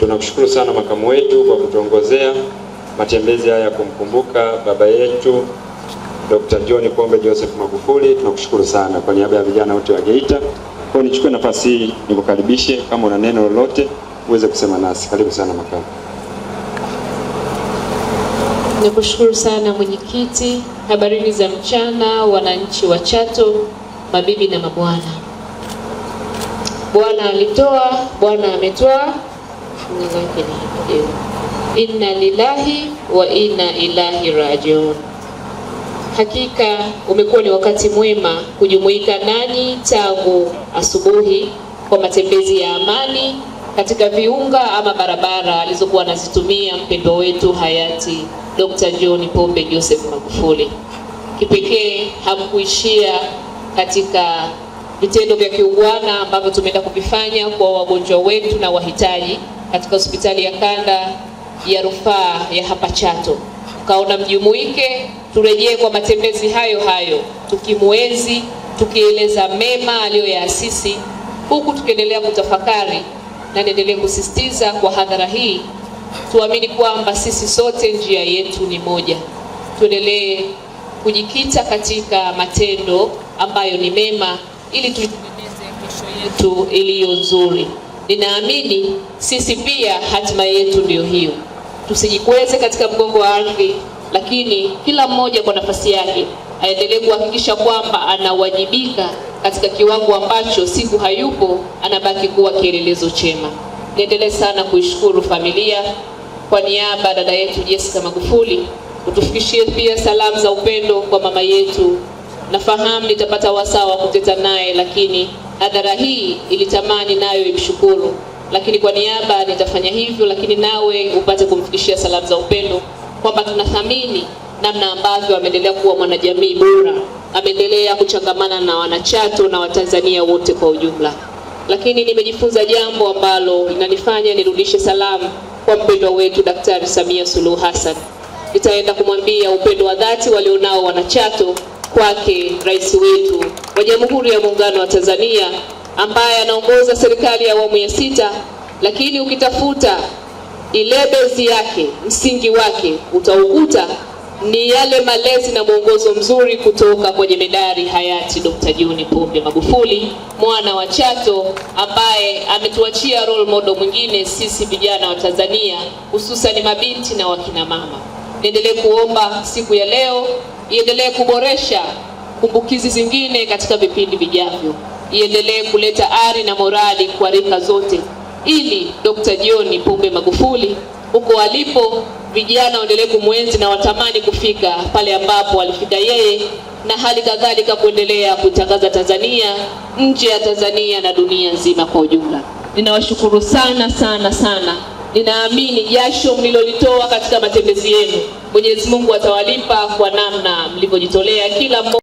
Tunakushukuru sana makamu wetu kwa kutuongozea matembezi haya ya kumkumbuka baba yetu Dr. John Pombe Joseph Magufuli. Tunakushukuru sana kwa niaba ya vijana wote wa Geita. Kwa nichukue nafasi hii nikukaribishe, kama una neno lolote uweze kusema nasi. Karibu sana makamu. Nikushukuru sana mwenyekiti. Habarini za mchana, wananchi wa Chato, mabibi na mabwana. Bwana alitoa, Bwana ametoa siku zake ni hapo. Inna lillahi wa inna ilahi rajiun. Hakika umekuwa ni wakati mwema kujumuika nanyi tangu asubuhi kwa matembezi ya amani katika viunga ama barabara alizokuwa anazitumia mpendwa wetu hayati Dr. John Pombe Joseph Magufuli. Kipekee hamkuishia katika vitendo vya kiungwana ambavyo tumeenda kuvifanya kwa wagonjwa wetu na wahitaji katika hospitali ya kanda ya rufaa ya hapa Chato, tukaona mjumuike, turejee kwa matembezi hayo hayo, tukimwenzi, tukieleza mema aliyoyaasisi, huku tukiendelea kutafakari, na niendelee kusisitiza kwa hadhara hii, tuamini kwamba sisi sote njia yetu ni moja. Tuendelee kujikita katika matendo ambayo ni mema, ili tuitengeneze kesho yetu iliyo nzuri. Ninaamini sisi pia hatima yetu ndio hiyo, tusijikweze katika mgongo wa ardhi, lakini kila mmoja kwa nafasi yake aendelee kuhakikisha kwamba anawajibika katika kiwango ambacho siku hayupo anabaki kuwa kielelezo chema. Niendelee sana kuishukuru familia kwa niaba ya dada yetu Jessica Magufuli, utufikishie pia salamu za upendo kwa mama yetu Nafahamu nitapata wasaa wa kuteta naye, lakini hadhara hii ilitamani nayo imshukuru, lakini kwa niaba nitafanya hivyo, lakini nawe upate kumfikishia salamu za upendo kwamba tunathamini namna ambavyo ameendelea kuwa mwanajamii bora, ameendelea kuchangamana na wanachato na Watanzania wote kwa ujumla. Lakini nimejifunza jambo ambalo linanifanya nirudishe salamu kwa mpendwa wetu Daktari Samia Suluhu Hassan. Nitaenda kumwambia upendo wa dhati walionao wanachato kwake rais wetu wa Jamhuri ya Muungano wa Tanzania ambaye anaongoza serikali ya awamu ya sita, lakini ukitafuta ile bezi yake, msingi wake utaukuta ni yale malezi na mwongozo mzuri kutoka kwenye medari hayati Dr. John Pombe Magufuli, mwana wa Chato, ambaye ametuachia role model mwingine sisi vijana wa Tanzania, hususan mabinti na wakina mama. Niendelee kuomba siku ya leo iendelee kuboresha kumbukizi zingine katika vipindi vijavyo, iendelee kuleta ari na morali kwa rika zote, ili Dr. John Pombe Magufuli huko alipo vijana waendelee kumwenzi na watamani kufika pale ambapo alifika yeye, na hali kadhalika kuendelea kuitangaza Tanzania nje ya Tanzania na dunia nzima kwa ujumla. Ninawashukuru sana sana sana Ninaamini jasho mlilolitoa katika matembezi yenu Mwenyezi Mungu atawalipa kwa namna mlivyojitolea kila mmoja.